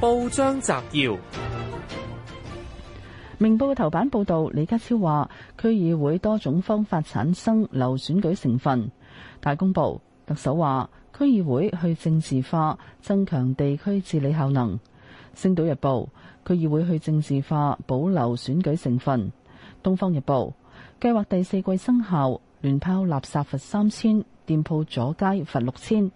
報章摘要：明報嘅頭版報道，李家超話區議會多種方法產生留選舉成分。大公報特首話區議會去政治化，增強地區治理效能。星島日報區議會去政治化，保留選舉成分。東方日報計劃第四季生效，亂拋垃圾罰三千，店鋪阻街罰六千。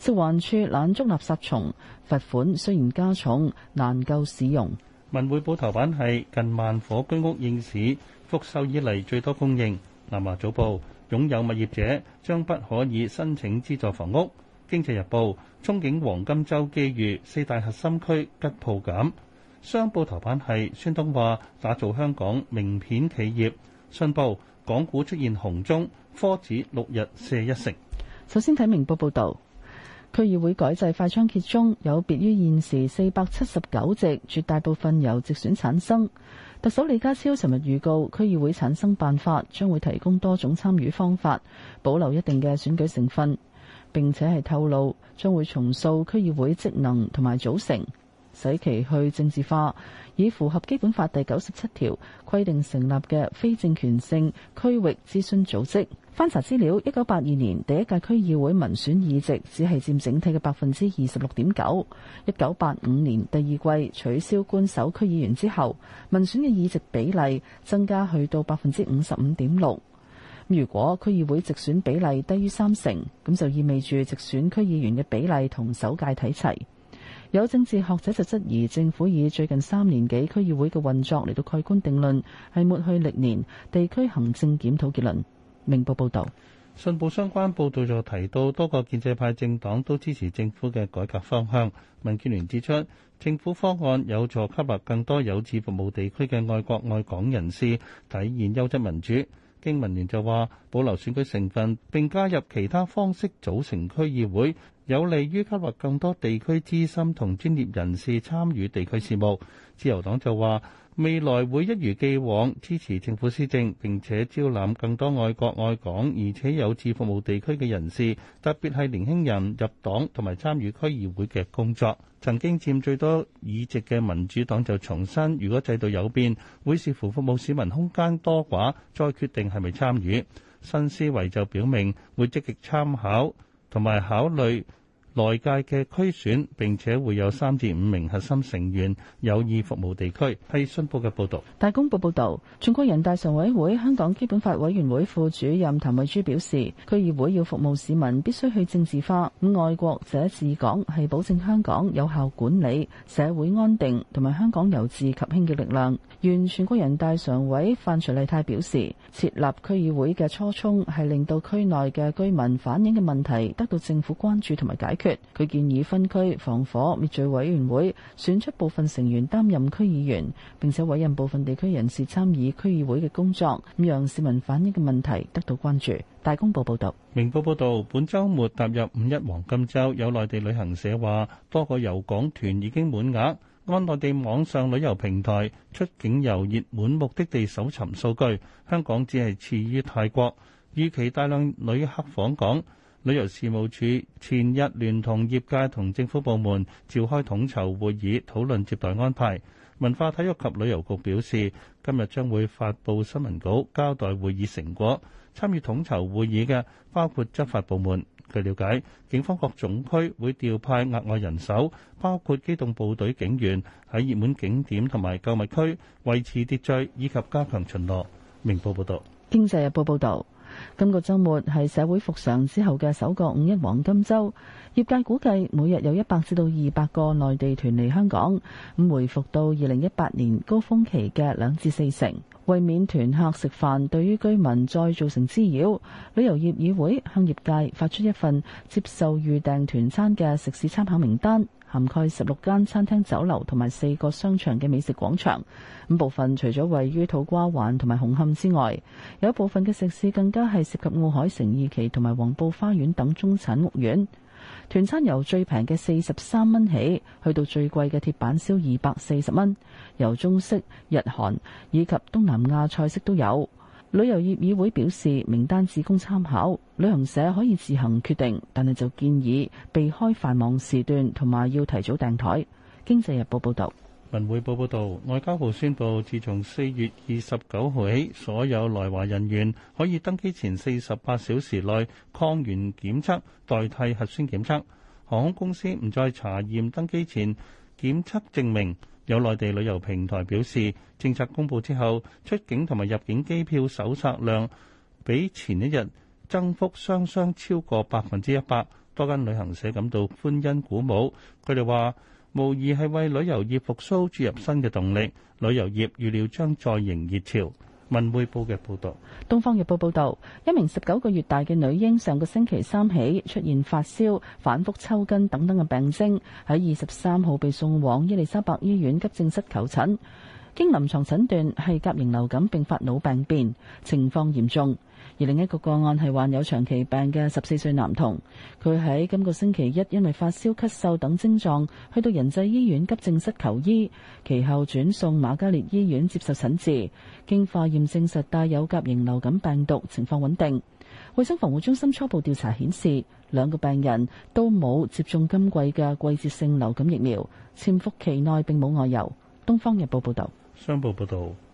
食環處懶捉垃圾蟲，罰款雖然加重，難救市容。文匯報頭版係近萬伙居屋應市，復售以嚟最多供應。南華早報擁有物業者將不可以申請資助房屋。經濟日報憧憬黃金周機遇，四大核心區吉鋪減。商報頭版係孫東話打造香港名片企業。信報港股出現紅中，科指六日瀉一成。首先睇明報報道。區議會改制快槍揭盅，有別於現時四百七十九席，絕大部分由直選產生。特首李家超尋日預告，區議會產生辦法將會提供多種參與方法，保留一定嘅選舉成分，並且係透露將會重塑區議會職能同埋組成，使其去政治化，以符合基本法第九十七條規定成立嘅非政權性區域諮詢組織。翻查資料，一九八二年第一屆區議會民選議席只係佔整體嘅百分之二十六點九。一九八五年第二季取消官守區議員之後，民選嘅議席比例增加去到百分之五十五點六。如果區議會直選比例低於三成，咁就意味住直選區議員嘅比例同首屆睇齊。有政治學者就質疑政府以最近三年幾區議會嘅運作嚟到蓋棺定論，係抹去歷年地區行政檢討結論。明報報導，信報相關報導就提到多個建制派政黨都支持政府嘅改革方向。民建聯指出，政府方案有助吸納更多有志服務地區嘅愛國愛港人士，體現優質民主。經民聯就話，保留選舉成分並加入其他方式組成區議會，有利於吸納更多地區資深同專業人士參與地區事務。自由黨就話，未來會一如既往支持政府施政，並且招攬更多愛國愛港而且有志服務地區嘅人士，特別係年輕人入黨同埋參與區議會嘅工作。曾經佔最多議席嘅民主黨就重申，如果制度有變，會視乎服務市民空間多寡，再決定係咪參與。新思維就表明會積極參考同埋考慮。內界嘅區選，並且會有三至五名核心成員有意服務地區。係信報嘅報道，大公報報導，全國人大常委會香港基本法委員會副主任譚慧珠表示，區議會要服務市民，必須去政治化。愛國者治港係保證香港有效管理、社會安定同埋香港由治及興嘅力量。原全國人大常委范徐麗泰表示，設立區議會嘅初衷係令到區內嘅居民反映嘅問題得到政府關注同埋解決。佢建議分區防火滅罪委員會選出部分成員擔任區議員，並且委任部分地區人士參與區議會嘅工作，咁讓市民反映嘅問題得到關注。大公報報道。明報報道，本週末踏入五一黃金週，有內地旅行社話多個遊港團已經滿額。按內地網上旅遊平台出境遊熱門目的地搜尋數據，香港只係次於泰國，預期大量旅客訪港。旅遊事務處前日聯同業界同政府部門召開統籌會議，討論接待安排。文化體育及旅遊局表示，今日將會發佈新聞稿，交代會議成果。參與統籌會議嘅包括執法部門。據了解，警方各總區會調派額外人手，包括機動部隊警員喺熱門景點同埋購物區維持秩序，以及加強巡邏。明報報道，經濟日報報道。今個周末係社會復常之後嘅首個五一黃金週，業界估計每日有一百至到二百個內地團嚟香港，咁回復到二零一八年高峰期嘅兩至四成。為免團客食飯對於居民再造成滋擾，旅遊業議會向業界發出一份接受預訂團餐嘅食肆參考名單。涵蓋十六間餐廳酒樓同埋四個商場嘅美食廣場，咁部分除咗位於土瓜灣同埋紅磡之外，有一部分嘅食肆更加係涉及奧海城二期同埋黃埔花園等中產屋苑。團餐由最平嘅四十三蚊起，去到最貴嘅鐵板燒二百四十蚊，由中式、日韓以及東南亞菜式都有。旅遊業議會表示，名單只供參考，旅行社可以自行決定，但係就建議避開繁忙時段同埋要提早訂台。經濟日報報道，文匯報報道，外交部宣布，自從四月二十九號起，所有來華人員可以登機前四十八小時內抗原檢測代替核酸檢測，航空公司唔再查驗登機前檢測證明。有內地旅遊平台表示，政策公佈之後，出境同埋入境機票搜索量比前一日增幅雙雙超過百分之一百，多間旅行社感到歡欣鼓舞。佢哋話，無疑係為旅遊業復甦注入新嘅動力，旅遊業預料將再迎熱潮。文匯報嘅報道，東方日報報道，一名十九個月大嘅女嬰上個星期三起出現發燒、反覆抽筋等等嘅病徵，喺二十三號被送往伊利沙伯醫院急症室求診，經臨床診斷係甲型流感併發腦病變，情況嚴重。而另一個個案係患有長期病嘅十四歲男童，佢喺今個星期一因為發燒、咳嗽等症狀，去到仁濟醫院急症室求醫，其後轉送瑪嘉烈醫院接受診治，經化驗證實帶有甲型流感病毒，情況穩定。衛生防護中心初步調查顯示，兩個病人都冇接種今季嘅季節性流感疫苗，潛伏期內並冇外遊。《東方日報》報道。商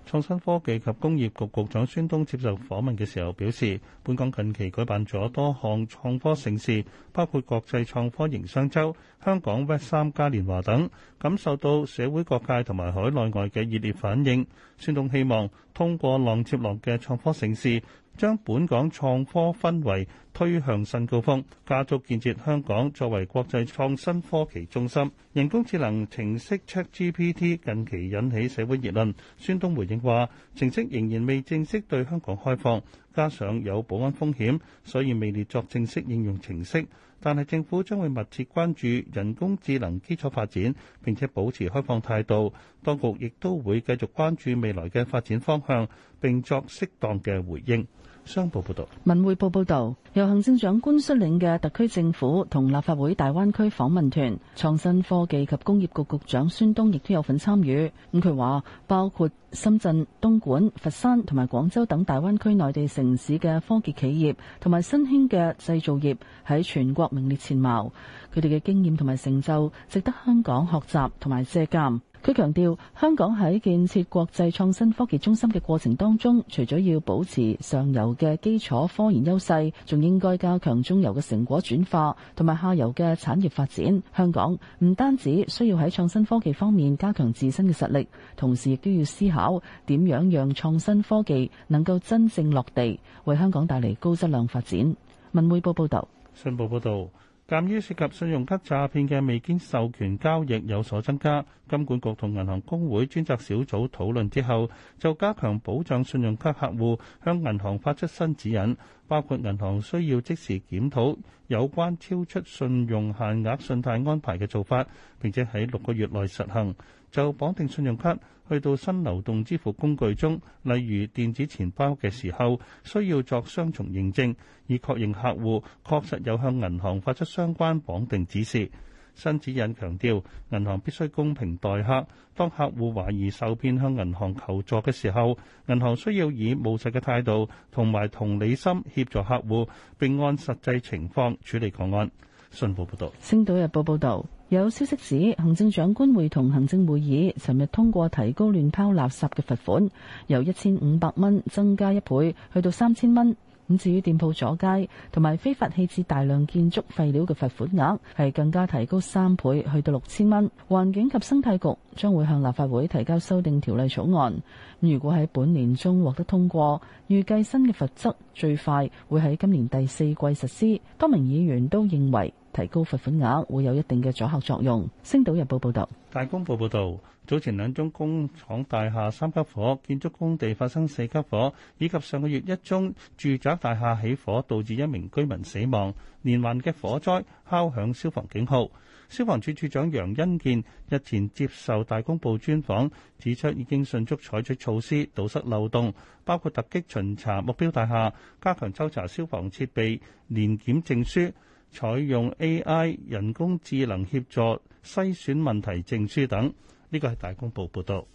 創新科技及工業局局長孫東接受訪問嘅時候表示，本港近期舉辦咗多項創科盛事，包括國際創科營商周、香港 W3 嘉年華等，感受到社會各界同埋海內外嘅熱烈反應。孫東希望通過浪接浪嘅創科盛事，將本港創科氛圍推向新高峰，加速建設香港作為國際創新科技中心。人工智能程式 ChatGPT 近期引起社會熱論，孫東回應話：程式仍然未正式對香港開放，加上有保安風險，所以未列作正式應用程式。但係政府將會密切關注人工智能基礎發展，並且保持開放態度。當局亦都會繼續關注未來嘅發展方向，並作適當嘅回應。商報報道，文匯報報道，由行政長官率領嘅特區政府同立法會大灣區訪問團，創新科技及工業局局長孫東亦都有份參與。咁佢話，包括深圳、東莞、佛山同埋廣州等大灣區內地城市嘅科技企業同埋新興嘅製造業喺全國名列前茅，佢哋嘅經驗同埋成就值得香港學習同埋借鑑。佢強調，香港喺建設國際創新科技中心嘅過程當中，除咗要保持上游嘅基礎科研優勢，仲應該加強中游嘅成果轉化同埋下游嘅產業發展。香港唔單止需要喺創新科技方面加強自身嘅實力，同時亦都要思考點樣讓創新科技能夠真正落地，為香港帶嚟高質量發展。文匯報報道。新報報道。鑒於涉及信用卡詐騙嘅未經授權交易有所增加，金管局同銀行公會專責小組討論之後，就加強保障信用卡客戶，向銀行發出新指引，包括銀行需要即時檢討有關超出信用限額信貸安排嘅做法，並且喺六個月內實行。就綁定信用卡去到新流動支付工具中，例如電子錢包嘅時候，需要作雙重認證，以確認客戶確實有向銀行發出相關綁定指示。新指引強調銀行必須公平待客。當客戶懷疑受騙向銀行求助嘅時候，銀行需要以務實嘅態度同埋同理心協助客戶，並按實際情況處理個案。信報報道。《星島日報》報導。有消息指，行政長官會同行政會議尋日通過提高亂拋垃圾嘅罰款，由一千五百蚊增加一倍，去到三千蚊。咁至於店鋪阻街同埋非法棄置大量建築廢料嘅罰款額，係更加提高三倍，去到六千蚊。環境及生態局將會向立法會提交修訂條例草案。如果喺本年中獲得通過，預計新嘅罰則最快會喺今年第四季實施。多名議員都認為，提高罰款額會有一定嘅阻嚇作用。星島日報報道，大公報報道，早前兩宗工廠大廈三級火，建築工地發生四級火，以及上個月一宗住宅大廈起火，導致一名居民死亡，連環嘅火災敲響消防警號。消防處處長楊恩健日前接受大公報專訪，指出已經迅速採取措施堵塞漏洞，包括突擊巡查目標大廈，加強抽查消防設備年檢證書。採用 AI 人工智能協助篩選問題證書等，呢個係大公報報導。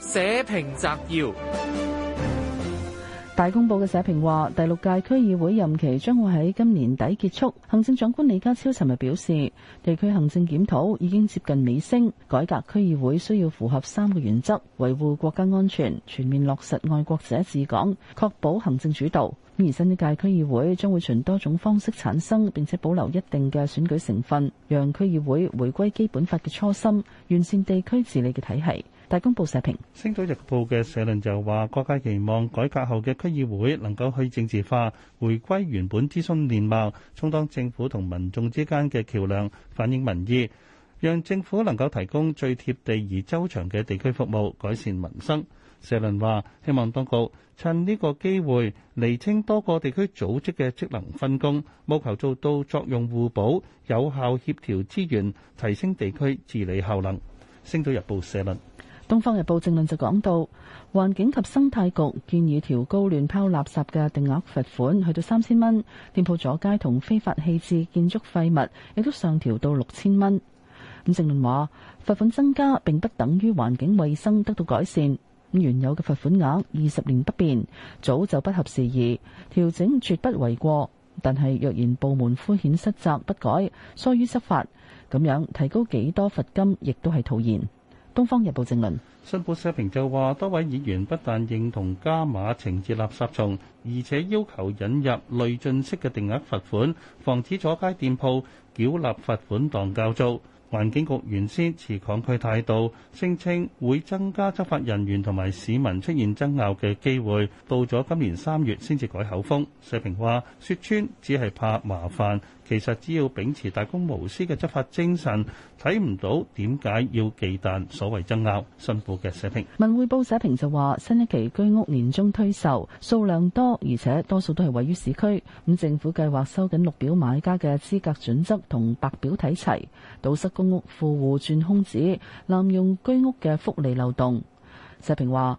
社評摘要。大公報嘅社評話，第六屆區議會任期將會喺今年底結束。行政長官李家超尋日表示，地區行政檢討已經接近尾聲，改革區議會需要符合三個原則：維護國家安全、全面落實愛國者治港、確保行政主導。而新一屆區議會將會循多種方式產生，並且保留一定嘅選舉成分，讓區議會回歸基本法嘅初心，完善地區治理嘅體系。大公報社評，《星島日報》嘅社論就話：國家期望改革後嘅區議會能夠去政治化，回歸原本諮詢面貌，充當政府同民眾之間嘅橋梁，反映民意，讓政府能夠提供最貼地而周長嘅地區服務，改善民生。社論話：希望當局趁呢個機會釐清多個地區組織嘅職能分工，務求做到作用互補，有效協調資源，提升地區治理效能。《星島日報》社論。《東方日報》政論就講到，環境及生態局建議調高亂拋垃圾嘅定額罰款去到三千蚊，店鋪阻街同非法棄置建築廢物，亦都上調到六千蚊。咁政論話，罰款增加並不等於環境衛生得到改善。原有嘅罰款額二十年不變，早就不合時宜，調整絕不為過。但係若然部門敷衍失責不改、疏於執法，咁樣提高幾多罰金是徒然，亦都係徒然。《東方日報》政論，信報社評就話：多位議員不但認同加碼懲治垃圾蟲，而且要求引入累進式嘅定額罰款，防止阻街店鋪繳納罰款當交租。環境局原先持抗拒態度，聲稱會增加執法人員同埋市民出現爭拗嘅機會，到咗今年三月先至改口風。社評話：説穿只係怕麻煩。其實只要秉持大公無私嘅執法精神，睇唔到點解要忌憚所謂爭拗。信報嘅社評，文匯報社評就話：新一期居屋年終推售數量多，而且多數都係位於市區。咁政府計劃收緊綠表買家嘅資格準則同白表睇齊，堵塞公屋富戶轉空子，濫用居屋嘅福利漏洞。社評話。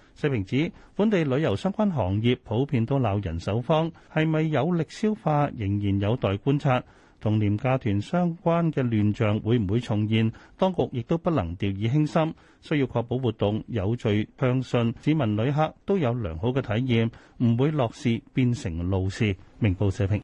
社評指本地旅遊相關行業普遍都鬧人手荒，係咪有力消化仍然有待觀察，同廉價團相關嘅亂象會唔會重現？當局亦都不能掉以輕心，需要確保活動有序暢順，市民旅客都有良好嘅體驗，唔會樂事變成路事。明報社評。